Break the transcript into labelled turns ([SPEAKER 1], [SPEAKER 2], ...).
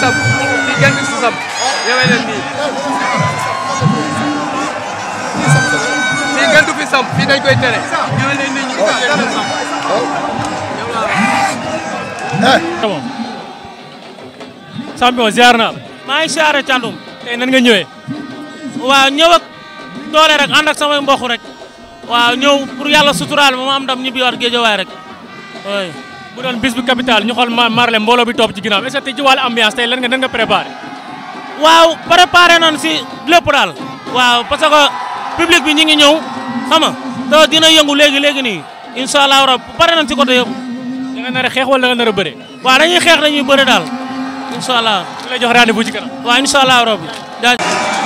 [SPEAKER 1] sab ci genn su sab ñëwee naa
[SPEAKER 2] maa ngi siyaare Thiandoum tey nan nga ñëwee doole rek ànd samay mbokk rek waaw ñëw pour yàlla suturaal ma ma am ndam ñibbi rek bu doon bis bu capital ñu xool Marley mbooloo bi topp ci ginnaaw est-ce que ci wàllu ambiance tey nga nan nga préparé. waaw préparé noonu si lépp daal. waaw parce que public bi ñu ngi ñëw xam nga te dina yëngu léegi léegi nii incha allah rab pare nañ si côté yëpp. da nga nar a xeex wala da nga nar a bëre. waaw dañuy xeex dañuy bëre daal incha allah. di la jox rendez-vous ci kanam. waaw incha allah rab